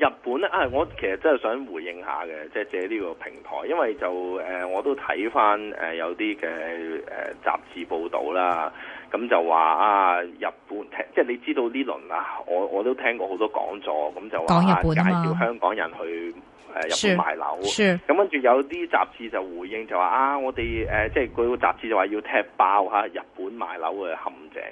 日本咧啊，我其實真係想回應一下嘅，即係借呢個平台，因為就誒、呃、我都睇翻誒有啲嘅誒雜誌報導啦，咁就話啊日本踢，即係你知道呢輪啊，我我都聽過好多講座，咁就話介紹香港人去誒、呃、日本買樓，咁、啊、跟住有啲雜誌就回應就話啊，我哋誒、呃、即係佢個雜誌就話要踢爆嚇、啊、日本買樓嘅陷阱。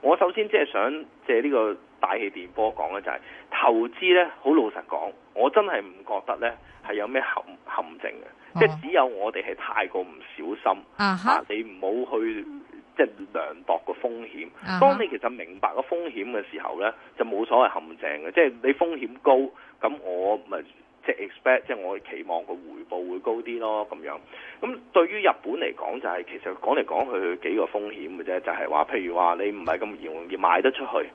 我首先即係想借呢個大氣電波講咧、就係，就係投資咧，好老實講，我真係唔覺得咧係有咩陷陷阱嘅，即係、oh. 只有我哋係太過唔小心、uh huh. 啊！你唔好去即係、就係、量度個風險。Uh huh. 當你其實明白個風險嘅時候咧，就冇所謂陷阱嘅，即、就、係、係、你風險高，咁我咪。expect 即係我期望個回報會高啲咯，咁樣。咁對於日本嚟講、就係，就係其實講嚟講去幾個風險嘅啫，就係、係、話，譬如話你唔係咁容易買得出去。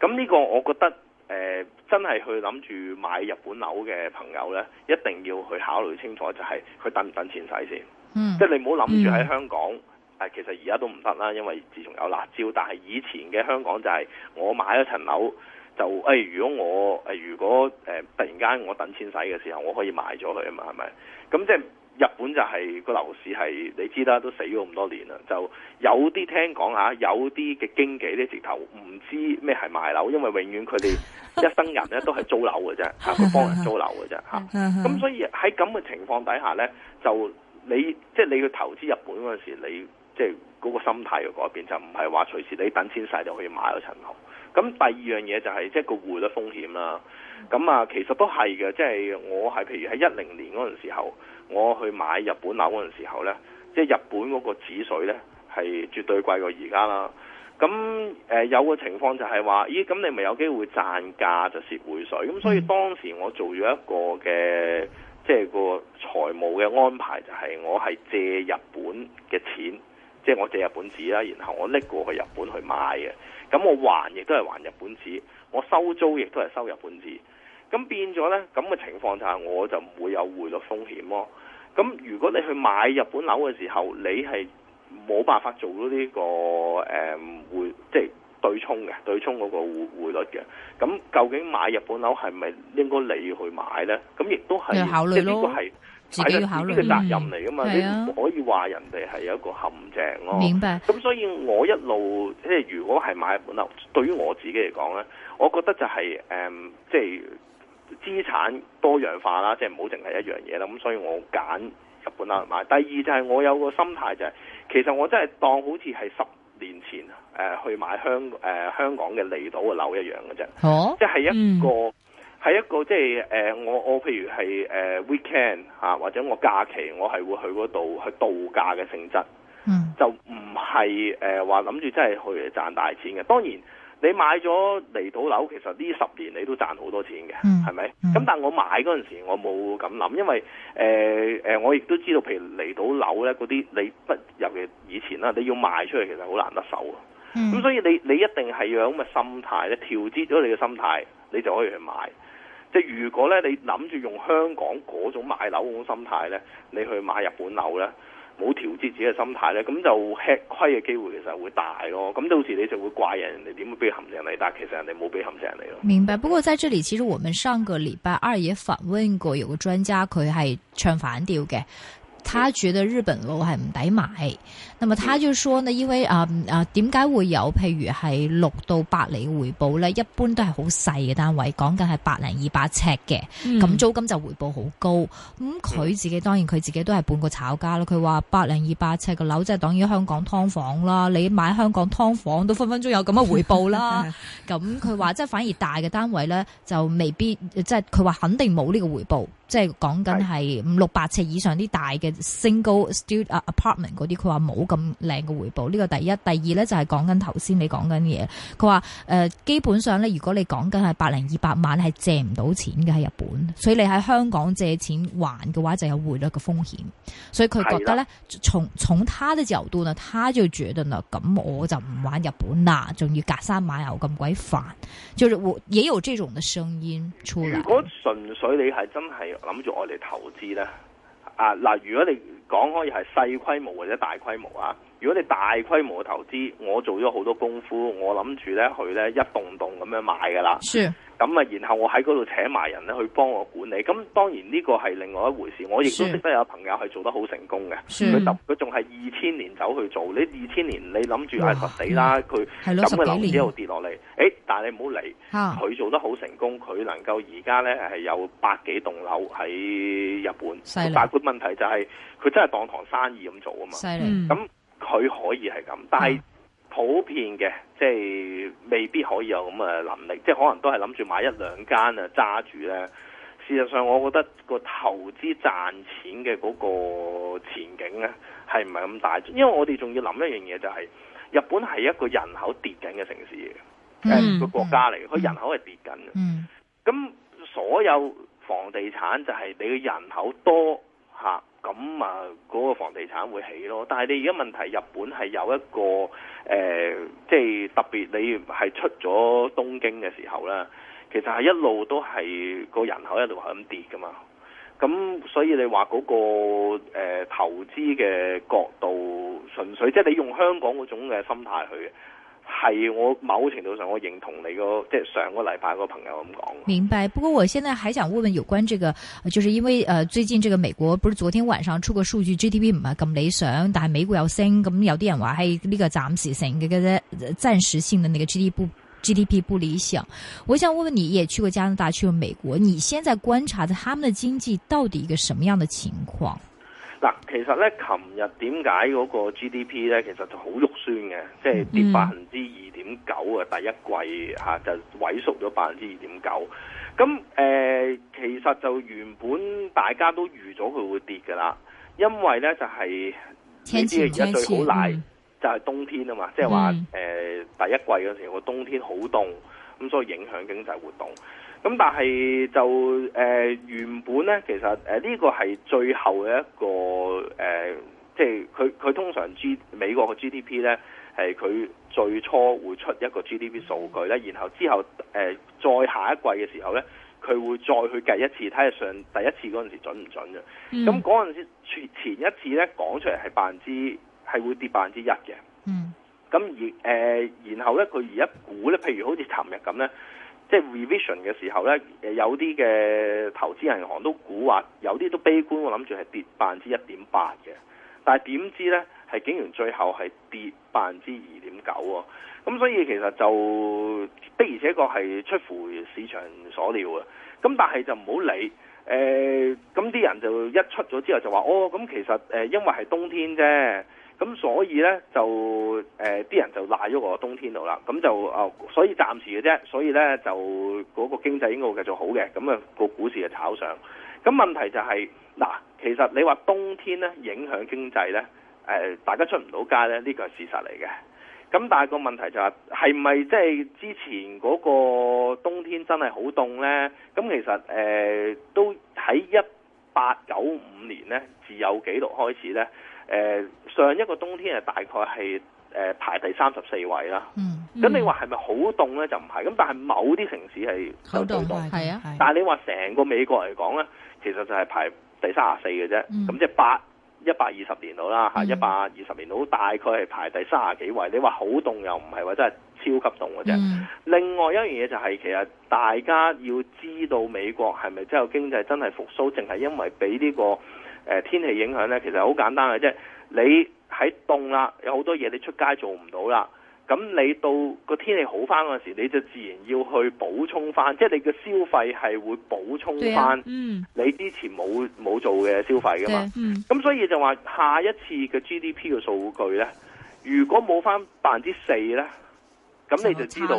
咁呢個我覺得，誒、呃、真係去諗住買日本樓嘅朋友呢，一定要去考慮清楚，就係佢等唔等錢使先。Mm. 即係你唔好諗住喺香港。誒，其實而家都唔得啦，因為自從有辣椒。但係以前嘅香港就係我買一層樓。就誒、哎，如果我誒，如果誒、呃，突然間我等錢使嘅時候，我可以賣咗佢啊嘛，係咪？咁即係日本就係、是、個樓市係你知啦，都死咗咁多年啦。就有啲聽講嚇，有啲嘅經紀咧直頭唔知咩係賣樓，因為永遠佢哋一生人咧都係租樓嘅啫，係佢幫人租樓嘅啫嚇。咁、啊、所以喺咁嘅情況底下咧，就你即係、就是、你要投資日本嗰陣時候，你即係嗰個心態嘅改變，就唔係話隨時你等錢使就可以買嗰層樓。咁第二樣嘢就係即係個匯率風險啦。咁啊，其實都係嘅，即係我係譬如喺一零年嗰陣時候，我去買日本樓嗰陣時候呢，即係日本嗰個紙水呢係絕對貴過而家啦。咁誒有個情況就係話，咦咁你咪有機會賺價就蝕匯水。咁所以當時我做咗一個嘅即係個財務嘅安排，就係我係借日本嘅錢，即係我借日本紙啦，然後我拎過去日本去買嘅。咁我還亦都係還日本紙，我收租亦都係收日本紙。咁變咗呢，咁嘅情況就係我就唔會有匯率風險咯。咁如果你去買日本樓嘅時候，你係冇辦法做到、這、呢個誒、嗯、匯，即係對沖嘅對沖嗰個匯率嘅。咁究竟買日本樓係咪應該你去買呢？咁亦都係考慮呢個係。呢個責任嚟噶嘛？嗯、你唔可以話人哋係一個陷阱咯、啊。明白。咁所以我一路即係、就是、如果係買日本樓，對於我自己嚟講咧，我覺得就係、是、誒，即係資產多樣化啦，即係唔好淨係一樣嘢啦。咁所以我揀日本樓買。第二就係我有個心態就係、是，其實我真係當好似係十年前誒、呃、去買香誒香港嘅離島嘅樓一樣嘅啫。即係、啊、一個。嗯係一個即係誒，我我譬如係誒、呃、weekend 嚇、啊，或者我假期，我係會去嗰度去度假嘅性質，嗯，就唔係誒話諗住真係去賺大錢嘅。當然你買咗離島樓，其實呢十年你都賺好多錢嘅，係咪？咁但係我買嗰陣時，我冇咁諗，因為誒誒、呃，我亦都知道，譬如離島樓咧嗰啲，你不尤其以前啦，你要賣出去其實好難得手啊。咁、嗯、所以你你一定係有咁嘅心態咧，調節咗你嘅心態，你就可以去買。即係如果咧，你諗住用香港嗰種買樓嗰種心態咧，你去買日本樓咧，冇調節自己嘅心態咧，咁就吃虧嘅機會其實會大咯。咁到時你就會怪人人哋點會俾陷阱你，但係其實人哋冇俾陷阱你咯。明白。不過，在這裡其實我們上個禮拜二也訪問過有個專家，佢係唱反調嘅。他住嘅日本樓係唔抵買，那麼、嗯、他就說呢，因為啊、嗯、啊，點解會有譬如係六到八厘回報呢？一般都係好細嘅單位，講緊係百零二百尺嘅。咁、嗯、租金就回報好高。咁、嗯、佢自己當然佢自己都係半個炒家啦，佢話百零二百尺嘅樓即係等於香港劏房啦，你買香港劏房都分分鐘有咁嘅回報啦。咁佢話即係反而大嘅單位呢，就未必，即係佢話肯定冇呢個回報。即係講緊係五六百尺以上啲大嘅 single studio apartment 嗰啲，佢話冇咁靚嘅回報。呢個第一，第二咧就係講緊頭先你講緊嘅嘢。佢話誒，基本上咧，如果你講緊係百零二百萬，係借唔到錢嘅喺日本，所以你喺香港借錢還嘅話，就有匯率嘅風險。所以佢覺得咧，的從從他的自由度呢，他就要決定啦。咁我就唔玩日本啦，仲要隔山買牛咁鬼煩。就是也有這種嘅聲音出嚟。如果純粹你係真係。諗住我哋投資咧啊！嗱，如果你講可以係細規模或者大規模啊？如果你大規模投資，我做咗好多功夫，我諗住咧去咧一棟棟咁樣買噶啦。咁啊是，然後我喺嗰度請埋人咧去幫我管理。咁當然呢個係另外一回事，我亦都識得有朋友係做得好成功嘅。佢十是，佢仲係二千年走去做。你二千年你諗住實死啦，佢咁嘅樓之後跌落嚟，誒的，但係你唔好嚟，佢、啊、做得好成功，佢能夠而家咧係有百幾棟樓喺日本。個害大款問題就係、是、佢真係當堂生意咁做啊嘛。咁、嗯佢可以係咁，但係普遍嘅，即係未必可以有咁嘅能力，即係可能都係諗住買一兩間啊揸住咧。事實上，我覺得個投資賺錢嘅嗰個前景咧係唔係咁大，因為我哋仲要諗一樣嘢就係、係、日本係一個人口跌緊嘅城市，嚟嘅，嗯、個國家嚟嘅，嗯，佢人口係跌緊嘅。咁、嗯、所有房地產就係你嘅人口多吓。咁啊，嗰個房地產會起咯，但係你而家問題，日本係有一個呃，即係特別你係出咗東京嘅時候咧，其實係一路都係個人口一路係咁跌噶嘛，咁所以你話嗰個、呃、投資嘅角度，純粹即係你用香港嗰種嘅心態去。係我某程度上，我認同你、那個即係、就是、上個禮拜個朋友咁講。明白，不過我現在還想問問有關這個，就是因為呃最近這個美國，不是昨天晚上出個數據 GDP 唔係咁理想，但係美國有升，咁有啲人話係呢個暫時性嘅啫，暫時性嘅那個 GDP GDP 不理想。我想問問你，也去過加拿大，去過美國，你現在觀察到他們的經濟到底一個什麼樣的情況？嗱，其實咧，琴日點解嗰個 GDP 咧，其實就好肉酸嘅，即係跌百分之二點九啊，第一季、嗯、就萎縮咗百分之二點九。咁、呃、其實就原本大家都預咗佢會跌㗎啦，因為咧就係前你知而家最好賴就係冬天啊嘛，即係話第一季嗰時個冬天好凍。咁所以影響經濟活動，咁但係就誒、呃、原本咧，其實誒呢個係最後嘅一個誒、呃，即係佢佢通常 G 美國嘅 GDP 咧，係佢最初會出一個 GDP 數據咧，然後之後誒、呃、再下一季嘅時候咧，佢會再去計一次，睇下上第一次嗰陣時候準唔準嘅。咁嗰陣時前一次咧講出嚟係百分之係會跌百分之一嘅。嗯。咁而、呃、然後咧，佢而家估咧，譬如好似尋日咁咧，即係 revision 嘅時候咧，有啲嘅投資銀行都估話，有啲都悲觀，我諗住係跌百分之一點八嘅。但係點知咧，係竟然最後係跌百分之二點九喎。咁所以其實就的而且確係出乎市場所料啊。咁但係就唔好理誒，咁、呃、啲人就一出咗之後就話哦，咁其實、呃、因為係冬天啫。咁所以呢，就誒啲、呃、人就賴咗我冬天度啦，咁就啊、呃，所以暫時嘅啫。所以呢，就嗰、那個經濟應該繼續好嘅，咁、那、啊個股市就炒上。咁問題就係、是、嗱、啊，其實你話冬天呢，影響經濟呢，呃、大家出唔到街呢，呢個係事實嚟嘅。咁但係個問題就係係唔係即係之前嗰個冬天真係好凍呢？咁其實誒、呃、都喺一八九五年呢，自有記錄開始呢。誒、呃、上一個冬天係大概係誒、呃、排第三十四位啦、嗯。嗯，咁你話係咪好凍咧？就唔係。咁但係某啲城市係好凍係啊。係係，但係你話成個美國嚟講咧，其實就係排第三十四嘅啫。咁即係八一百二十年度啦，嚇一百二十年度大概係排第三十幾位。你話好凍又唔係，話真係超級凍嘅啫。嗯、另外一樣嘢就係、係、，其實大家要知道美國係咪真係經濟真係復甦，淨係因為俾呢、呢個。誒、呃、天氣影響呢，其實好簡單嘅啫。即係你喺凍啦，有好多嘢你出街做唔到啦。咁你到個天氣好翻嗰時候，你就自然要去補充翻，即係你嘅消費係會補充翻、啊。嗯，你之前冇冇做嘅消費噶嘛？咁所以就話下一次嘅 GDP 嘅數據呢，如果冇翻百分之四呢，咁你就知道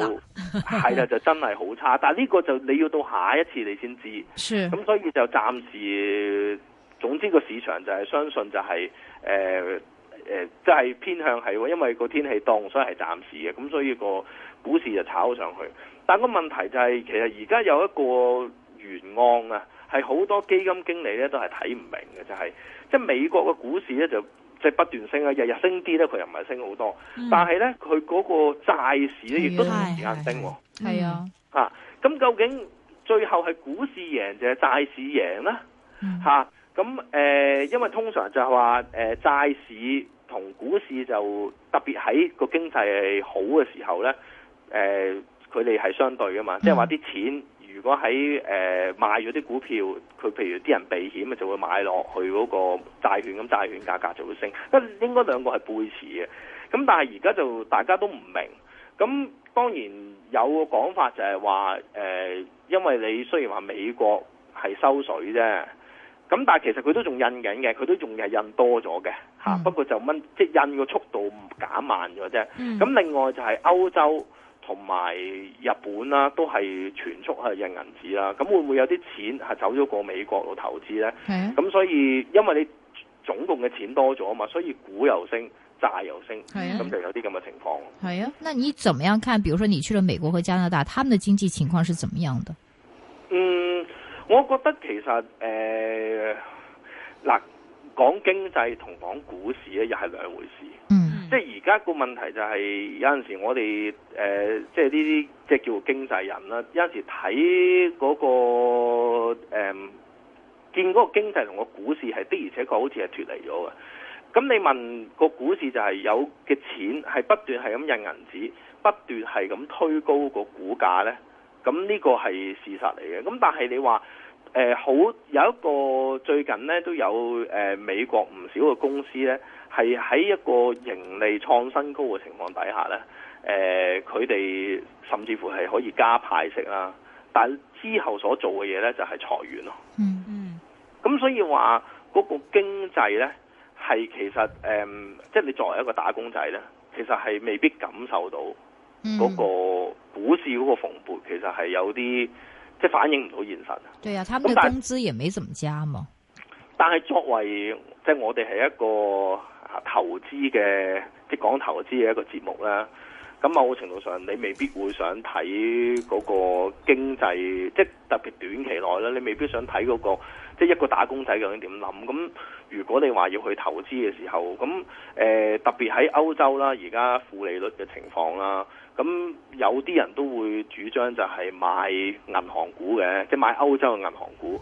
係啦， 就真係好差。但係呢個就你要到下一次你先知。咁是所以就暫時。總之個市場就係相信就係誒誒，即、呃、係、呃就是、偏向係，因為個天氣凍，所以係暫時嘅。咁所以個股市就炒上去。但個問題就係、是，其實而家有一個原案啊，係好多基金經理咧都係睇唔明嘅，就係、是、即係美國嘅股市咧就即係不斷升啊，日日升啲咧，佢又唔係升好多。但係咧，佢嗰個債市咧亦都同時間升。係啊，吓咁究竟最後係股市贏定係債市贏咧？吓、啊？嗯咁誒、呃，因為通常就係話誒債市同股市就特別喺個經濟好嘅時候呢，誒佢哋係相對噶嘛，即係話啲錢如果喺誒、呃、賣咗啲股票，佢譬如啲人避險啊，就會買落去嗰個債券，咁債券價格就會升，應該兩個係背馳嘅。咁但係而家就大家都唔明，咁當然有個講法就係話誒，因為你雖然話美國係收水啫。咁但係其實佢都仲印緊嘅，佢都仲係印多咗嘅吓。嗯、不過就掹即係印個速度唔減慢咗啫。咁、嗯、另外就係歐洲同埋日本啦，都係全速去印銀紙啦。咁會唔會有啲錢係走咗過美國度投資咧？咁、啊、所以因為你總共嘅錢多咗嘛，所以股又升，債又升，咁、啊、就有啲咁嘅情況。係啊，那你怎麼樣看？比如說你去了美國和加拿大，他們的經濟情況是怎麼樣的？嗯。我覺得其實誒嗱、呃、講經濟同講股市咧又係兩回事，嗯，即係而家個問題就係有陣時我哋誒、呃、即係呢啲即係叫經濟人啦，有陣時睇嗰個誒、呃、見嗰個經濟同個股市係的而且確好似係脫離咗嘅。咁你問嗰個股市就係有嘅錢係不斷係咁印銀紙，不斷係咁推高個股價咧？咁呢個係事實嚟嘅，咁但係你話、呃、好有一個最近咧都有、呃、美國唔少嘅公司咧，係喺一個盈利創新高嘅情況底下咧，呃、佢哋甚至乎係可以加派息啦，但係之後所做嘅嘢咧就係、是、裁員咯。嗯嗯，咁所以話嗰、那個經濟咧係其實即係、呃就是、你作為一個打工仔咧，其實係未必感受到。嗯、個股市嗰個蓬勃，其實係有啲即係反映唔到現實。對啊，他們的工資也沒怎麼加嘛。但係作為即係、就是、我哋係一個投資嘅即係講投資嘅一個節目啦。咁某程度上，你未必會想睇嗰個經濟，即、就、係、是、特別短期內啦，你未必想睇嗰、那個即係、就是、一個打工仔究竟點諗。咁如果你話要去投資嘅時候，咁誒、呃、特別喺歐洲啦，而家負利率嘅情況啦。咁有啲人都會主張就係買銀行股嘅，即係買歐洲嘅銀行股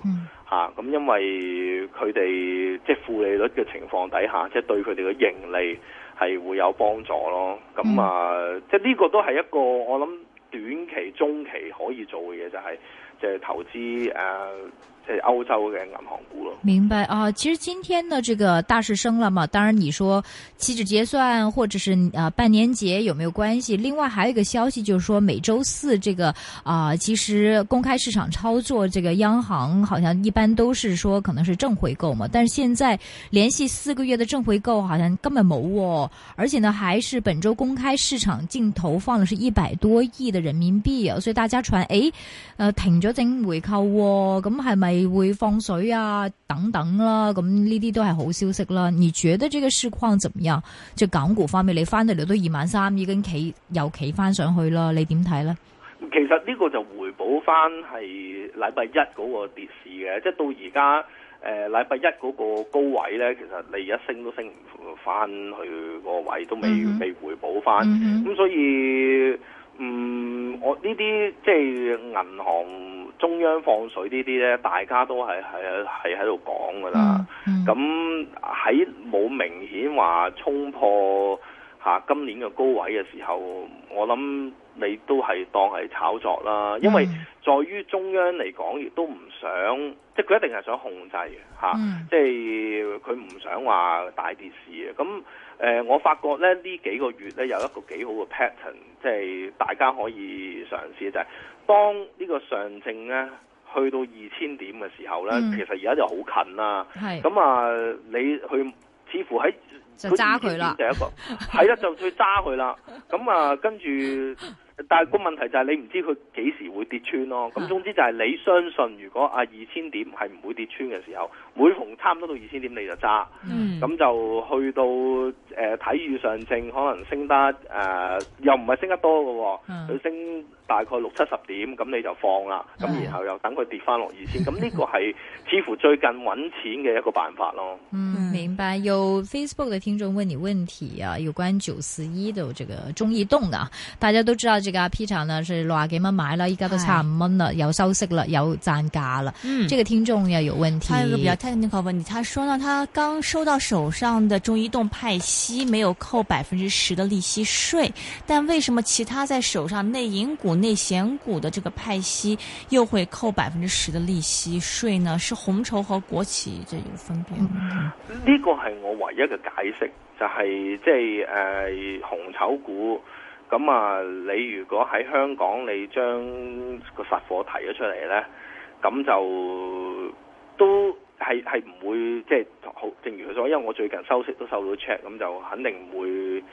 吓咁、嗯啊、因為佢哋即係負利率嘅情況底下，即係對佢哋嘅盈利係會有幫助咯。咁啊，即係呢個都係一個我諗。短期、中期可以做嘅嘢就係、是、就係、是、投資誒，即係歐洲嘅銀行股咯。明白啊、呃，其實今天呢，這個大市升了嘛，當然你說期指結算或者是啊、呃、半年結有沒有關係？另外還有一個消息，就是說每周四這個啊、呃，其實公開市場操作，這個央行好像一般都是說可能是正回購嘛，但是現在連續四個月的正回購好像根本冇喎，而且呢，還是本周公開市場淨投放的是一百多億的。人民幣啊，所以大家傳誒，誒、欸呃、停咗整回購、啊，咁係咪會放水啊？等等啦、啊，咁呢啲都係好消息啦。你覺得呢個市況怎麼樣？即係港股方面，你翻到嚟都二萬三已經企又企翻上去啦，你點睇咧？其實呢個就回補翻係禮拜一嗰個跌市嘅，即係到而家誒禮拜一嗰個高位咧，其實你一升都升唔翻去個位，都未未、嗯、哼回補翻，咁、嗯、哼所以。嗯，我呢啲即係銀行中央放水呢啲咧，大家都係係係喺度講噶啦。咁喺冇明顯話衝破吓，啊，今年嘅高位嘅時候，我諗。你都係當係炒作啦，因為在於中央嚟講，亦都唔想，即係佢一定係想控制嚇、嗯啊，即係佢唔想話大跌市嘅。咁、呃、我發覺咧呢幾個月咧有一個幾好嘅 pattern，即係大家可以嘗試就係、是、當呢個上證咧去到二千點嘅時候咧，嗯、其實而家就好近啦。咁是啊，你去似乎喺就揸佢啦，第一個係啦，就去揸佢啦。咁啊，跟住。但係個問題就係你唔知佢幾時會跌穿咯。咁總之就係你相信，如果啊二千點係唔會跌穿嘅時候，每逢差唔多到二千點你就揸。咁、嗯、就去到誒、呃、育上證可能升得、呃、又唔係升得多喎。佢、嗯、升大概六七十點，咁你就放啦。咁然後又等佢跌翻落二千，咁 呢個係似乎最近揾錢嘅一個辦法咯。嗯，明白。有 Facebook 嘅聽眾問你問題啊，有關九四一嘅這個中移動啊，大家都知道。這個 P 廠呢，是六廿幾蚊買了依家都差五蚊啦，是有收息啦，有賺價啦。嗯，即個聽眾又有問題。他有一個比較 technical 問題他說呢，他剛收到手上的中移動派息沒有扣百分之十的利息稅，但為什麼其他在手上內銀股、內險股的這個派息又會扣百分之十的利息稅呢？是紅籌和國企這有分別。呢、嗯、個是我唯一的解釋，就是即係、呃、紅籌股。咁啊，你如果喺香港，你將個實貨提咗出嚟咧，咁就都係係唔會即係好。正如佢所講，因為我最近收息都收到 check，咁就肯定唔會誒徵、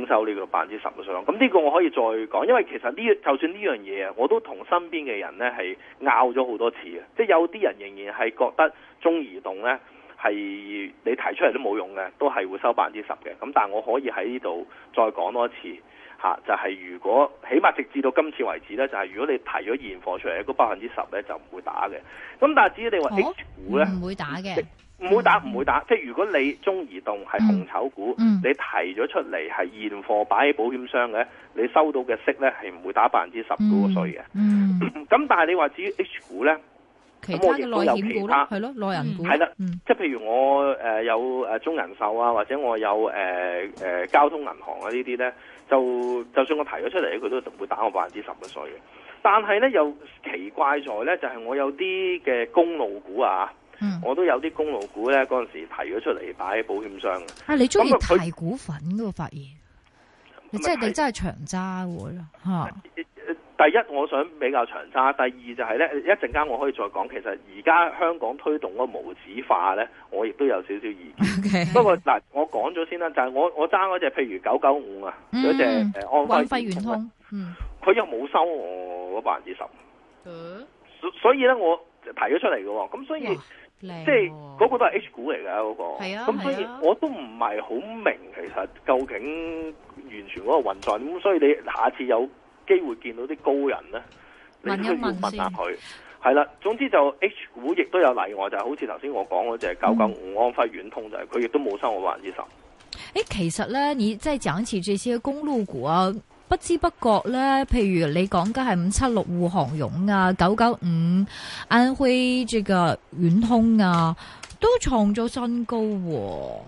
呃、收呢個百分之十嘅稅。咁呢個我可以再講，因為其實呢就算呢樣嘢啊，我都同身邊嘅人咧係拗咗好多次啊，即係有啲人仍然係覺得中移動咧。係你提出嚟都冇用嘅，都係會收百分之十嘅。咁但係我可以喺呢度再講多一次吓，就係、是、如果起碼直至到今次為止呢，就係、是、如果你提咗現貨出嚟，嗰百分之十呢就唔會打嘅。咁但係至於你話 H 股呢，唔、哦嗯、會打嘅，唔會打唔、嗯、會打。即係如果你中移動係紅籌股，嗯、你提咗出嚟係現貨擺喺保險箱嘅，你收到嘅息呢係唔會打百分之十個稅嘅。所以的嗯，咁、嗯、但係你話至於 H 股呢？其他內險股啦，係咯、嗯、內人股，係啦了，嗯、即係譬如我誒有誒中人壽啊，或者我有誒誒、呃呃、交通銀行啊呢啲咧，就就算我提咗出嚟，佢都會打我百分之十嘅稅嘅。但係咧又奇怪在咧，就係、是、我有啲嘅公路股啊，嗯、我都有啲公路股咧，嗰陣時提咗出嚟擺喺保險箱。啊，你中意提股份喎？發現，即係、就是、你真係長揸喎啦嚇！啊啊第一，我想比較長沙；第二就係咧，一陣間我可以再講。其實而家香港推動嗰個無紙化咧，我亦都有少少意見。Okay. 不過嗱，我講咗先啦，就係、是、我我揸嗰隻，譬如九九五啊，嗰隻誒安徽皖通佢又冇收我百分之十。嗯，所以咧，我提咗出嚟嘅喎。咁所以呦即係是嗰、哦、個都係 H 股嚟㗎嗰個。係啊，咁所以、係啊、我都唔係好明，其實究竟完全嗰個運作。咁所以你下次有機會見到啲高人咧，你需要問一下佢。係啦，總之就 H 股亦都有例外，就係、是、好似頭先我講嗰隻九九五安徽皖通、嗯、就係，佢亦都冇收我百分之十。誒，其實咧，你即係講起這些公路股啊，不知不覺咧，譬如你講緊係五七六滬杭甬啊，九九五安徽這個皖通啊，都創咗新高、啊。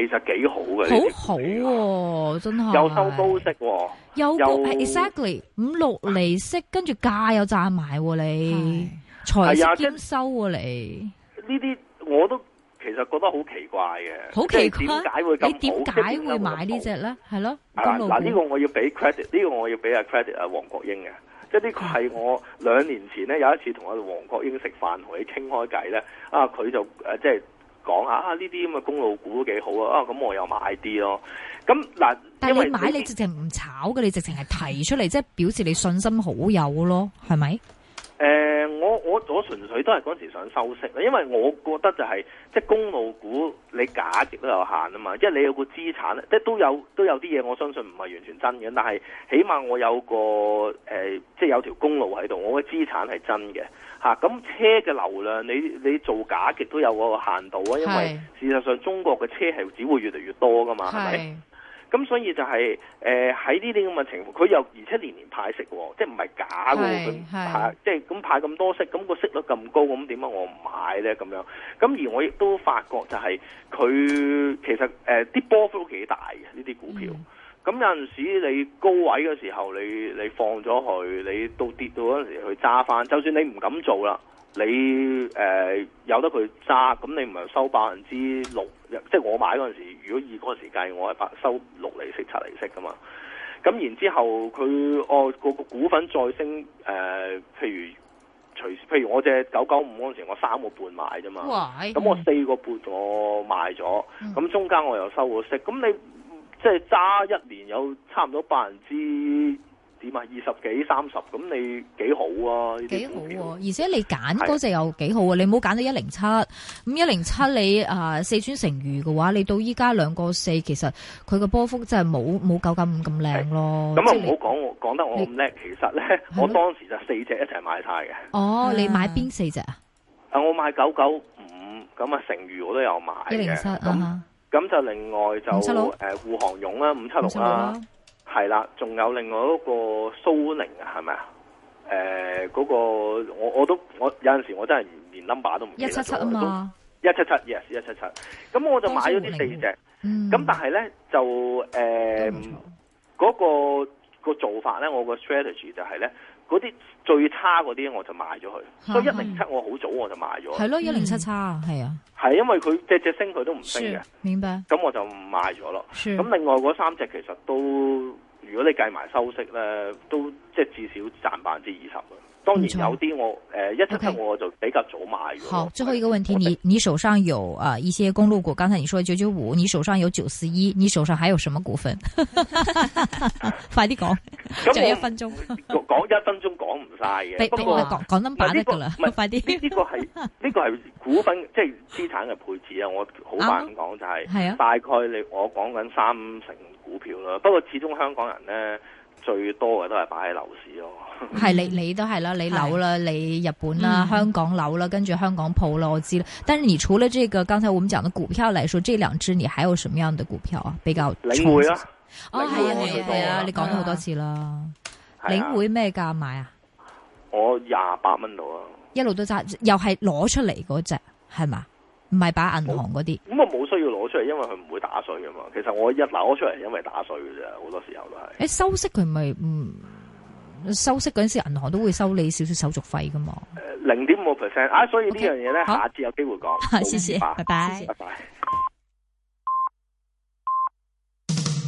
其實幾好嘅，好好真係有收高息，又個係 exactly 五六厘息，跟住價又賺埋你，財息兼收你，呢啲我都其實覺得好奇怪嘅，好奇怪，點解會咁？你點解會買呢隻咧？係咯？嗱，呢個我要俾 credit，呢個我要俾阿 credit 阿黃國英嘅，即係呢個係我兩年前咧有一次同阿黃國英食飯，同佢傾開偈咧，啊佢就誒即係。講下呢啲咁嘅公路股都幾好啊！咁我又買啲咯。咁嗱，但係你買你直情唔炒嘅，你直情係提出嚟即係表示你信心好有咯，係咪？誒、呃，我我我純粹都係嗰時想收息，因為我覺得就係、是、即係公路股你價值都有限啊嘛，即係你有個資產，即係都有都有啲嘢我相信唔係完全真嘅，但係起碼我有個誒、呃、即係有條公路喺度，我嘅資產係真嘅。吓咁、啊、車嘅流量，你你做假極都有個限度啊，因為事實上中國嘅車係只會越嚟越多㗎嘛，係咪是？咁所以就係誒喺呢啲咁嘅情況，佢又而且年年派息喎、哦，即係唔係假嘅，派即係咁派咁多息，咁、那個息率咁高，咁點解我唔買咧？咁樣，咁而我亦都發覺就係佢其實誒啲波幅都幾大嘅呢啲股票。嗯咁有陣時你高位嘅時候你，你你放咗佢，你到跌到嗰陣時去揸翻。就算你唔敢做啦，你誒、呃、有得佢揸，咁你唔係收百分之六，即係我買嗰陣時，如果以嗰陣時計，我係收六厘息、七厘息噶嘛。咁然之後佢哦個股份再升誒、呃，譬如除譬如我隻九九五嗰陣時，我三個半買啫嘛，咁我四個半我賣咗，咁中間我又收咗息，咁你？即係揸一年有差唔多百分之點啊二十幾三十，咁你幾好啊？幾好喎、啊！而且你揀嗰隻又幾好啊！的你冇揀揀到一零七，咁一零七你啊四川成渝嘅話你到依家兩個四，其實佢個波幅真係冇冇九九五咁靚咯。咁啊唔好講講得我咁叻，其實咧的我當時就四隻一齊買晒嘅。哦，你買邊四隻啊？啊我買九九五，咁啊成渝我都有買，一零七啊嘛。咁就另外就誒滬杭甬啦，五七六，啊、五七六啦，係啦，仲有另外嗰個蘇寧係咪啊？嗰、呃那個我我都我有陣時候我真係連 number 都唔記得咗一七七啊嘛，一七七 yes 一七七，咁我就買咗啲四隻，咁但係咧就誒嗰、呃嗯那個、那個做法咧，我個 strategy 就係咧。嗰啲最差嗰啲，我就賣咗佢。啊、所以一零七，我好早我就賣咗。係咯的，一零七差係啊。係因為佢隻隻升，佢都唔升嘅。明白。咁我就賣咗咯。咁的另外嗰三隻其實都，如果你計埋收息咧，都即係至少賺百分之二十嘅。當然有啲我誒，一七七我就比較早買。好，最後一個問題，你你手上有啊一些公路股？剛才你說九九五，你手上有九四一，你手上還有什麼股份？快啲講，咁就一分鐘，講一分鐘講唔晒嘅。不過講講咁多啦，唔快啲？呢個係呢個係股份即係資產嘅配置啊！我好快咁講就係，大概你我講緊三成股票啦。不過始終香港人咧。最多嘅都係擺喺樓市咯，係你你都係啦，你樓啦，是你日本啦，嗯、香港樓啦，跟住香港鋪咯，我知啦。但係你除了呢個剛才我們講嘅股票來說，這兩隻你還有什麼樣的股票啊？比較領匯啊，哦係啊係啊，啊啊你講咗好多次啦，領匯咩價買啊？我廿八蚊度啊，啊啊一路都揸，又係攞出嚟嗰隻係嘛？是唔係把銀行嗰啲，咁我冇需要攞出嚟，因為佢唔會打稅噶嘛。其實我一攞出嚟，因為打稅㗎啫，好多時候都係。誒、欸，收息佢咪唔收息嗰陣時，銀行都會收你少少手續費噶嘛。誒、呃，零點五個 percent 啊，所以呢樣嘢咧，Okay. 下次有機會講。好，c 次拜拜。